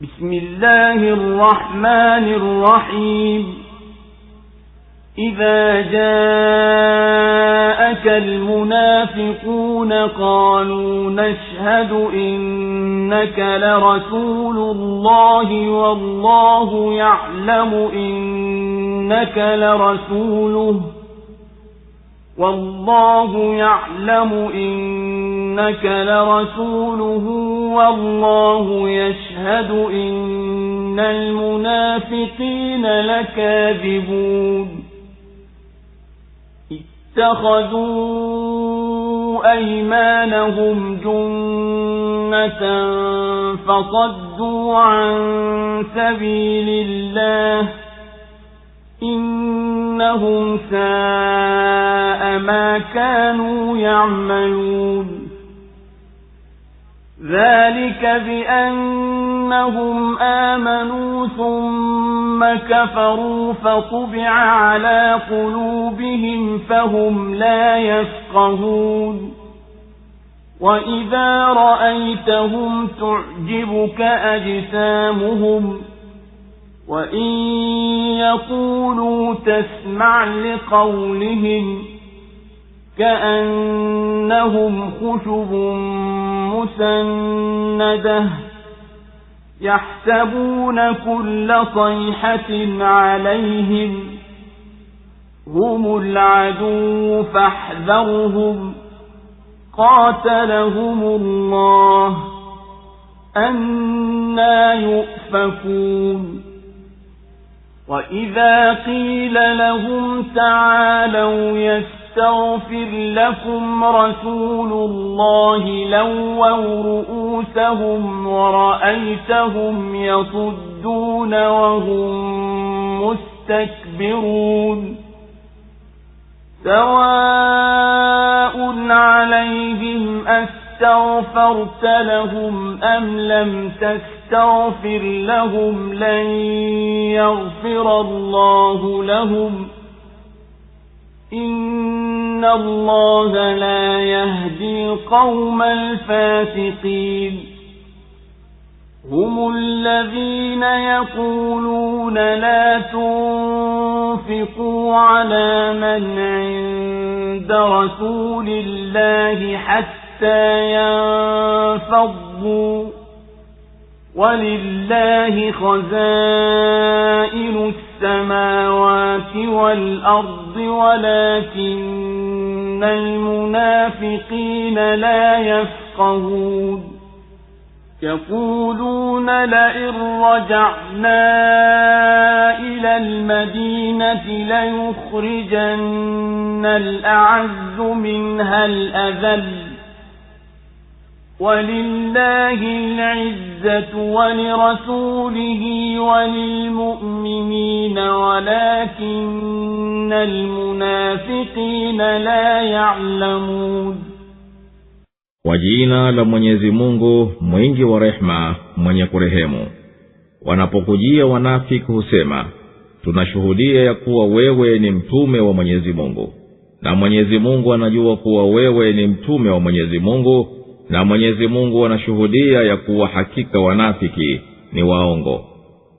بسم الله الرحمن الرحيم إذا جاءك المنافقون قالوا نشهد إنك لرسول الله والله يعلم إنك لرسوله والله يعلم إنك إنك لرسوله والله يشهد إن المنافقين لكاذبون اتخذوا أيمانهم جنة فصدوا عن سبيل الله إنهم ساء ما كانوا يعملون ذلك بأنهم آمنوا ثم كفروا فطبع على قلوبهم فهم لا يفقهون وإذا رأيتهم تعجبك أجسامهم وإن يقولوا تسمع لقولهم كأنهم خشب مسندة يحسبون كل صيحة عليهم هم العدو فاحذرهم قاتلهم الله أنا يؤفكون وإذا قيل لهم تعالوا يسرون يستغفر لكم رسول الله لووا رؤوسهم ورأيتهم يصدون وهم مستكبرون سواء عليهم أستغفرت لهم أم لم تستغفر لهم لن يغفر الله لهم إن إن الله لا يهدي القوم الفاسقين هم الذين يقولون لا تنفقوا على من عند رسول الله حتى ينفضوا ولله خزائن السماوات والأرض ولكن إن المنافقين لا يفقهون يقولون لئن رجعنا إلى المدينة ليخرجن الأعز منها الأذل ولله العزة ولرسوله وللمؤمنين ولكن المنافقين لا يعلمون kwa jina la mwenyezi mungu mwingi wa rehma mwenye kurehemu wanapokujia wanafiki husema tunashuhudia ya kuwa wewe ni mtume wa mwenyezi mungu na mwenyezi mungu anajua kuwa wewe ni mtume wa mwenyezi mungu na mwenyezi mungu ya kuwa hakika wanafiki ni waongo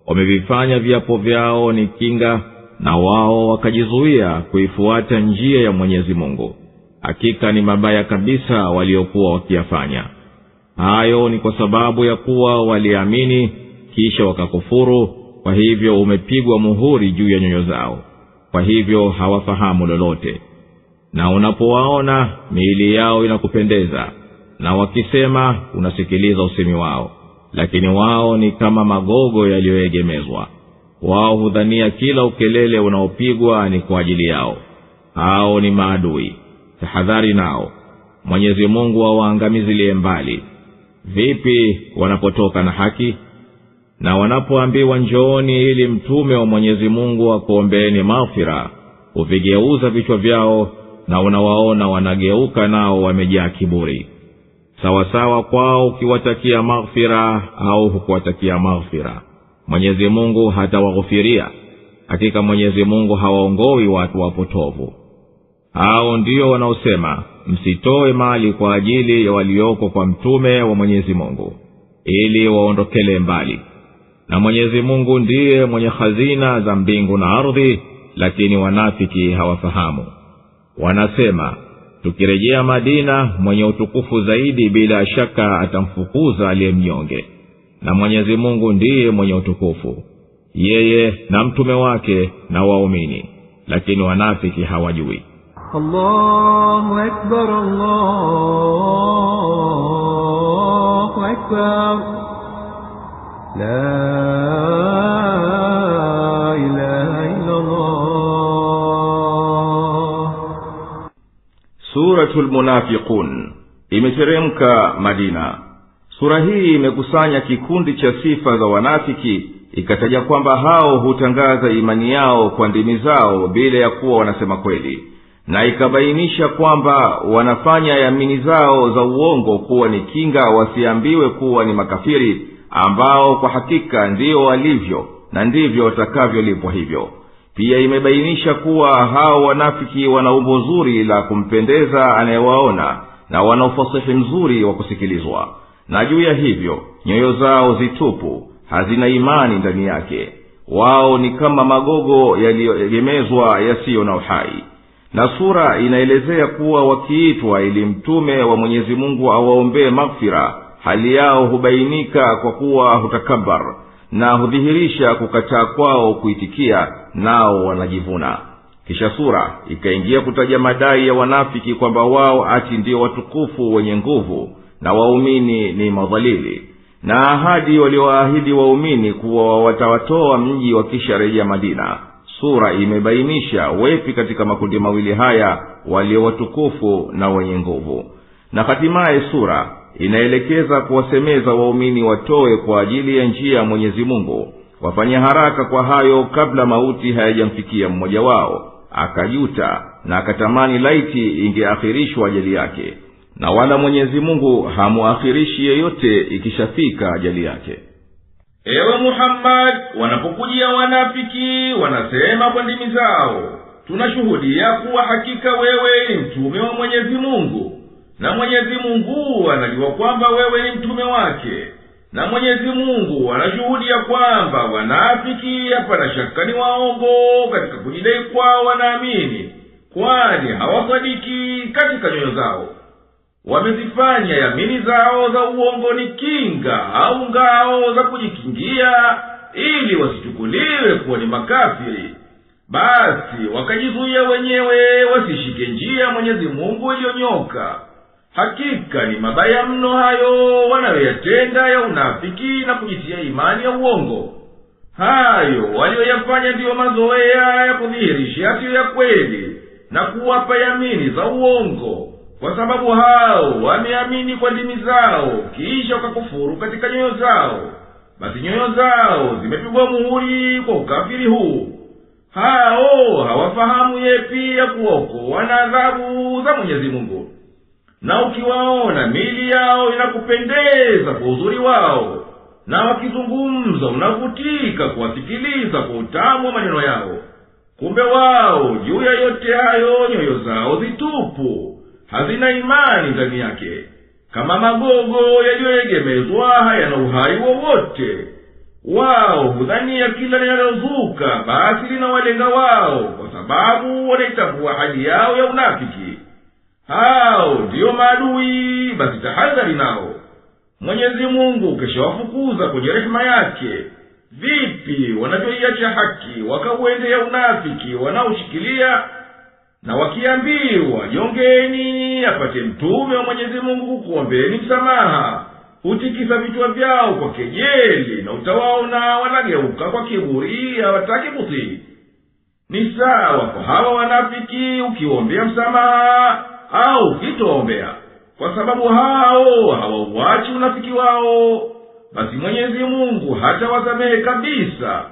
wamevifanya viapo vyao ni kinga na wao wakajizuia kuifuata njia ya mwenyezi mungu hakika ni mabaya kabisa waliokuwa wakiyafanya hayo ni kwa sababu ya kuwa waliamini kisha wakakufuru kwa hivyo umepigwa muhuri juu ya nyoyo zao kwa hivyo hawafahamu lolote na unapowaona miili yao inakupendeza na wakisema unasikiliza usemi wao lakini wao ni kama magogo yaliyoegemezwa wao hudhania kila ukelele unaopigwa ni kwa ajili yao hao ni maadui tahadhari nao mwenyezi mungu awaangamizilie mbali vipi wanapotoka na haki na wanapoambiwa njooni ili mtume wa mwenyezi mungu akuombeeni maghfira huvigeuza vichwa vyao na unawaona wanageuka nao wamejaa kiburi sawasawa kwao ukiwatakia maghfira au hukuwatakia maghfira mwenyezi mungu hatawaghufiria hakika mwenyezi mungu hawaongowi watu wapotovu hao ndio wanaosema msitoe mali kwa ajili ya walioko kwa mtume wa mwenyezi mungu ili waondokele mbali na mwenyezi mungu ndiye mwenye hazina za mbingu na ardhi lakini wanafiki hawafahamu wanasema tukirejea madina mwenye utukufu zaidi bila shaka atamfukuza aliye mnyonge na mwenyezi mungu ndiye mwenye utukufu yeye na mtume wake na waumini lakini wanafiki hawajui allahu akbar, allahu akbar. La suratu lmunafiqun imeteremka madina sura hii imekusanya kikundi cha sifa za wanafiki ikataja kwamba hao hutangaza imani yao kwa ndimi zao bila ya kuwa wanasema kweli na ikabainisha kwamba wanafanya yamini zao za uongo kuwa ni kinga wasiambiwe kuwa ni makafiri ambao kwa hakika ndiyo walivyo na ndivyo watakavyolipwa hivyo pia imebainisha kuwa hao wanafiki wana umbo zuri la kumpendeza anayewaona na wana ufasihi mzuri wa kusikilizwa na juu ya hivyo nyoyo zao zitupu hazina imani ndani yake wao ni kama magogo yaliyoegemezwa yasiyo na uhai na sura inaelezea kuwa wakiitwa ili mtume wa mwenyezi mungu awaombee maghfira hali yao hubainika kwa kuwa hutakabar na hudhihirisha kukataa kwao kuitikia nao wanajivuna kisha sura ikaingia kutaja madai ya wanafiki kwamba wao ati ndio watukufu wenye nguvu na waumini ni madhalili na ahadi waliowaahidi waumini kuwa watawatoa mji wakisharejea madina sura imebainisha wepi katika makundi mawili haya walio watukufu na wenye nguvu na hatimaye sura inaelekeza kuwasemeza waumini watowe kwa ajili ya njia ya mwenyezi mungu wafanye haraka kwa hayo kabla mauti hayajamfikia mmoja wao akajuta na akatamani laiti ingeakhirishwa ajali yake na wala mwenyezi mungu hamuakhirishi yeyote ikishafika ajali yake ewe muhammadi wanapokujia wanafiki wanasema kwa ndimi zao tunashuhudia kuwa hakika wewe ni mtume wa mwenyezi mungu na mwenyezi mungu anajua kwamba wewe ni mtume wake na mwenyezi mungu anashuhudia kwamba wanafiki hapana shaka ni waongo katika kujidai kwao wanaamini kwani hawasadiki katika nyoyo zao wamezifanya yamini zao za uongo ni kinga au ngao za kujikingia ili wasichukuliwe kuwa ni makafiri basi wakajizuia wenyewe wasishike njia mwenyezi mungu iliyonyoka hakika ni mabaya mno hayo wanayoyatenda ya unafiki na kujitia imani ya uongo hayo waliyoyafanya ndiyo mazoea ya kudhihirisha yasiyo ya kweli na kuwapa yamini za uongo kwa sababu hao wameamini kwa ndimi zao kisha wakakufuru katika nyoyo zao basi nyoyo zao zimepigwa muhuri kwa ukafiri huu hao hawafahamu yepi ya kuokowa na adhabu za mwenyezi mungu na ukiwaona mili yao inakupendeza kwa uzuri wao na wakizungumza unavutika kuwasikiliza kwa utamu wa maneno yao kumbe wao juu ya yote hayo nyoyo zao zitupu hazina imani ndani yake kama magogo yaliyoegemezwa hayana uhai wowote wao hudhania kila linalozuka basi linawalenga wao kwa sababu wanaitambua hali yao ya unafiki ha maadui basi tahadhari nao mwenyezi mungu ukishawafukuza kwenye rehema yake vipi wanavyoiacha haki wakauendea unafiki wanaoshikilia na wakiambiwa jongeni apate mtume wa mwenyezi mungu kukuombeni msamaha hutikisa vichwa vyao kwa kejeli na utawaona wanageuka kwa kiburi hawataki kutii ni sawa kwa hawa wanafiki ukiwombea msamaha au sitowaombea kwa sababu hao hawauwachi unafiki wao basi mwenyezi mungu hatawasamehe kabisa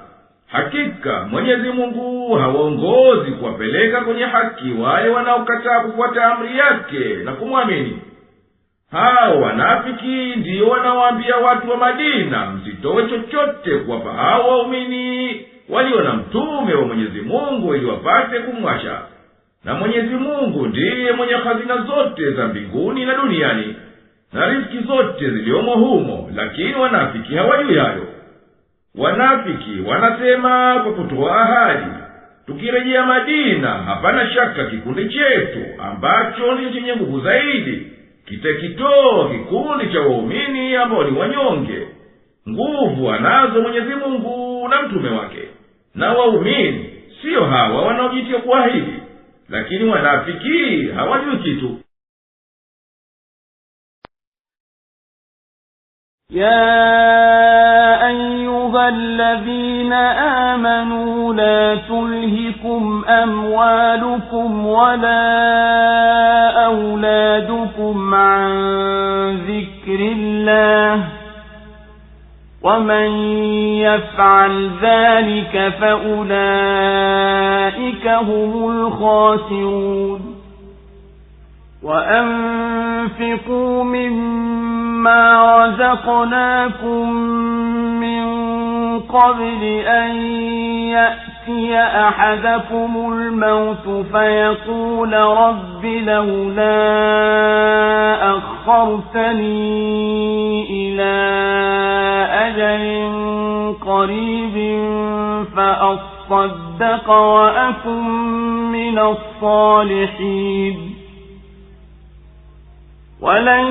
hakika mwenyezi mungu hawaongozi kuwapeleka kwenye haki wale wanaokataa kufuata amri yake na kumwamini hao wanafiki ndiyo wanawaambia watu wa madina msitowe chochote kuwapa hao waumini walio na mtume wa mwenyezi mungu ili wapate kumwasha na mwenyezi mungu ndiye mwenye hazina zote za mbinguni na duniani na riski zote ziliomo humo lakini wanafiki hawajui hayo wanafiki wanasema kwa kutoa ahadi tukirejea madina hapana shaka kikundi chetu ambacho ndicho chenye nguvu zaidi kitakitoa kikundi cha waumini ambao ni wanyonge nguvu anazo mwenyezi mungu na mtume wake na waumini siyo hawa wanaojitia kuahidi lakini wanafikiri hawajui kitu يا أيها الذين آمنوا لا تلهكم أموالكم ولا أولادكم عن ذكر الله ومن يفعل ذلك فأولئك هم الخاسرون وأنفقوا مما رزقناكم من قبل أن يأتي يأتي أحدكم الموت فيقول رب لولا أخرتني إلى أجل قريب فأصدق وأكن من الصالحين ولن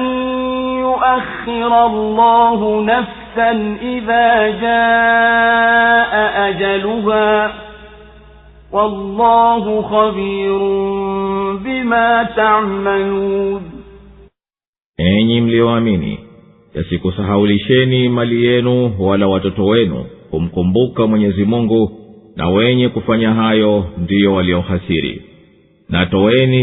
يؤخر الله نفسا إذا جاء أجلها والله خبير بما تعملون enyi mliyoamini yasikusahaulisheni mali yenu wala watoto wenu kumkumbuka mwenyezi mungu na wenye kufanya hayo ndiyo waliohasiri na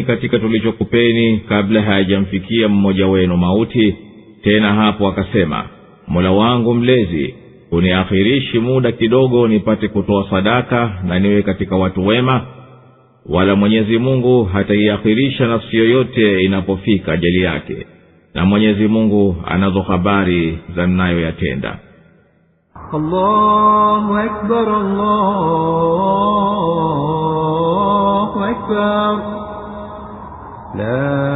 katika tulichokupeni kabla hayajamfikia mmoja wenu mauti tena hapo akasema mola wangu mlezi uniakhirishi muda kidogo nipate kutoa sadaka na niwe katika watu wema wala mwenyezi mungu hataiakhirisha nafsi yoyote inapofika ajali yake na mwenyezi mungu anazo habari za mnayoyatenda La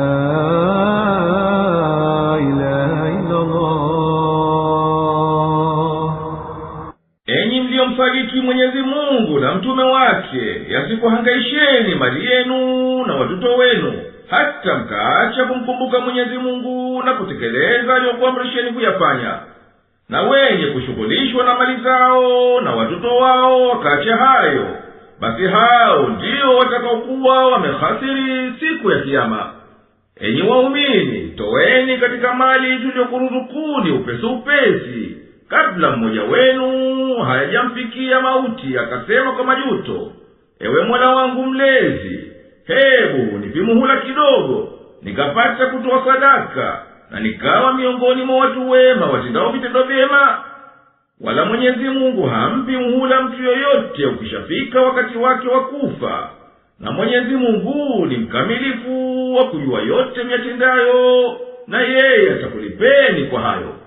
mungu na mtume wake yasikuhangaisheni mali yenu na watoto wenu hata mkaacha kumkumbuka mwenyezi mungu na kutekeleza aliyokuamrisheni kuyafanya na wenye kushughulishwa na mali zao na watoto wao wakaacha hayo basi hao ndiyo watakaokuwa wamehasiri siku ya kiama enyi waumini toweni katika mali tuliyokuruzukuni upesi upesi kabla mmoja wenu hayajamfikia mauti akasema kwa majuto ewe mola wangu mlezi hebu nivimuhula kidogo nikapata kutoa sadaka na nikawa miongoni mwa watu wema watendao vitendo vyema wala mwenyezi mungu hampi muhula mtu yoyote ukishafika wakati wake wa kufa na mwenyezi mungu ni mkamilifu wa kujua yote myatendayo na yeye atakulipeni kwa hayo